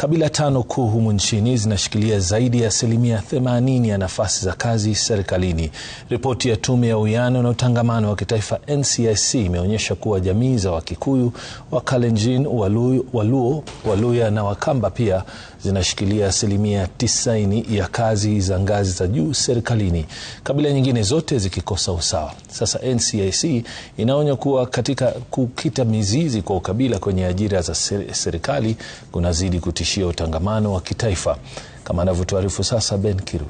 Kabila tano kuu humu nchini zinashikilia zaidi ya asilimia 80 ya nafasi za kazi serikalini. Ripoti ya Tume ya Uwiano na Utangamano wa Kitaifa NCIC imeonyesha kuwa jamii za Wakikuyu, Wakalenjin, Waluo, Waluo, Waluya na Wakamba pia zinashikilia asilimia 90 ya kazi za ngazi za juu serikalini, kabila nyingine zote zikikosa usawa. Sasa NCIC inaonya kuwa katika kukita mizizi kwa ukabila kwenye ajira za serikali kunazidi kutisha kutishia utangamano wa kitaifa, kama anavyotuarifu sasa Ben Kirui.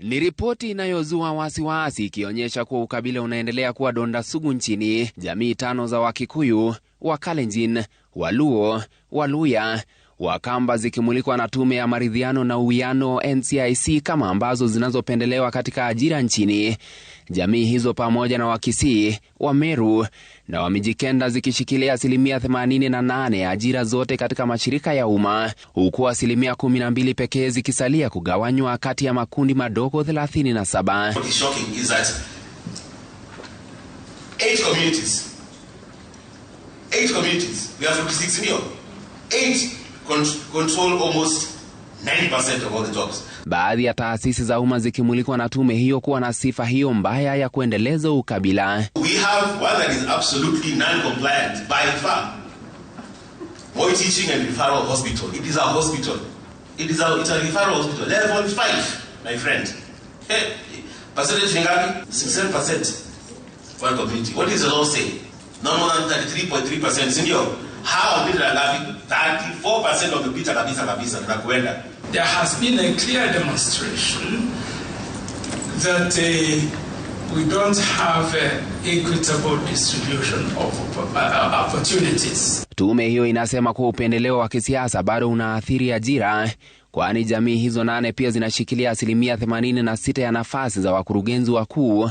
Ni ripoti inayozua wasiwasi ikionyesha kuwa ukabila unaendelea kuwa donda sugu nchini. Jamii tano za Wakikuyu, Wakalenjin, Waluo, Waluya, Wakamba zikimulikwa na tume ya maridhiano na uwiano NCIC kama ambazo zinazopendelewa katika ajira nchini. Jamii hizo pamoja na Wakisii, Wameru na Wamijikenda zikishikilia asilimia 88 ya ajira zote katika mashirika ya umma huku asilimia 12 pekee zikisalia kugawanywa kati ya makundi madogo 37. Eight communities. Eight communities. We have 56 million. Eight control almost 90% of all the jobs. Baadhi ya taasisi za umma zikimulikwa na tume hiyo kuwa na sifa hiyo mbaya ya kuendeleza ukabila. We have one that is absolutely non-compliant by far. Boy Teaching and Referral Hospital. It is a hospital. It is a, it's a referral hospital. Level 5, my friend. Hey, percentage ngapi? 67%. One community. What is the law saying? No more than 33.3%, senior hawa mpita na ngapi? 34% wamepita kabisa kabisa na kuenda. There has been a clear demonstration that uh, we don't have uh, equitable distribution of uh, uh, opportunities. Tume hiyo inasema kuwa upendeleo wa kisiasa bado unaathiri ajira kwani jamii hizo nane pia zinashikilia asilimia 86 ya nafasi za wakurugenzi wakuu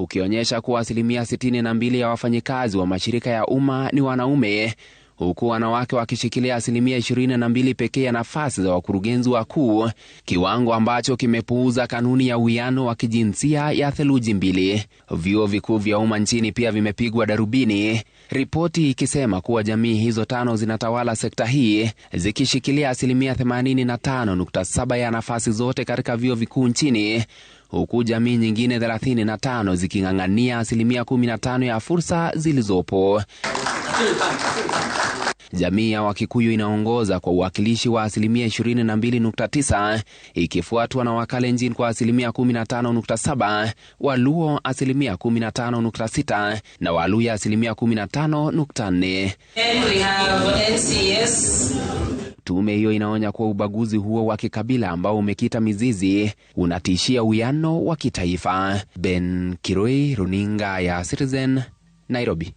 ukionyesha kuwa asilimia 62 ya wafanyikazi wa mashirika ya umma ni wanaume, huku wanawake wakishikilia asilimia 22 pekee ya nafasi za wakurugenzi wakuu, kiwango ambacho kimepuuza kanuni ya uwiano wa kijinsia ya theluji mbili. Vyuo vikuu vya umma nchini pia vimepigwa darubini, ripoti ikisema kuwa jamii hizo tano zinatawala sekta hii zikishikilia asilimia 85.7 ya nafasi zote katika vyuo vikuu nchini huku jamii nyingine 35 ziking'ang'ania asilimia 15 ya fursa zilizopo. Jamii ya Wakikuyu inaongoza kwa uwakilishi wa asilimia 22.9 ikifuatwa na Wakalenjin kwa asilimia 15.7, Waluo asilimia 15.6 na Waluya asilimia 15.4. Tume hiyo inaonya kuwa ubaguzi huo wa kikabila ambao umekita mizizi unatishia uwiano wa kitaifa. Ben Kiroi, runinga ya Citizen, Nairobi.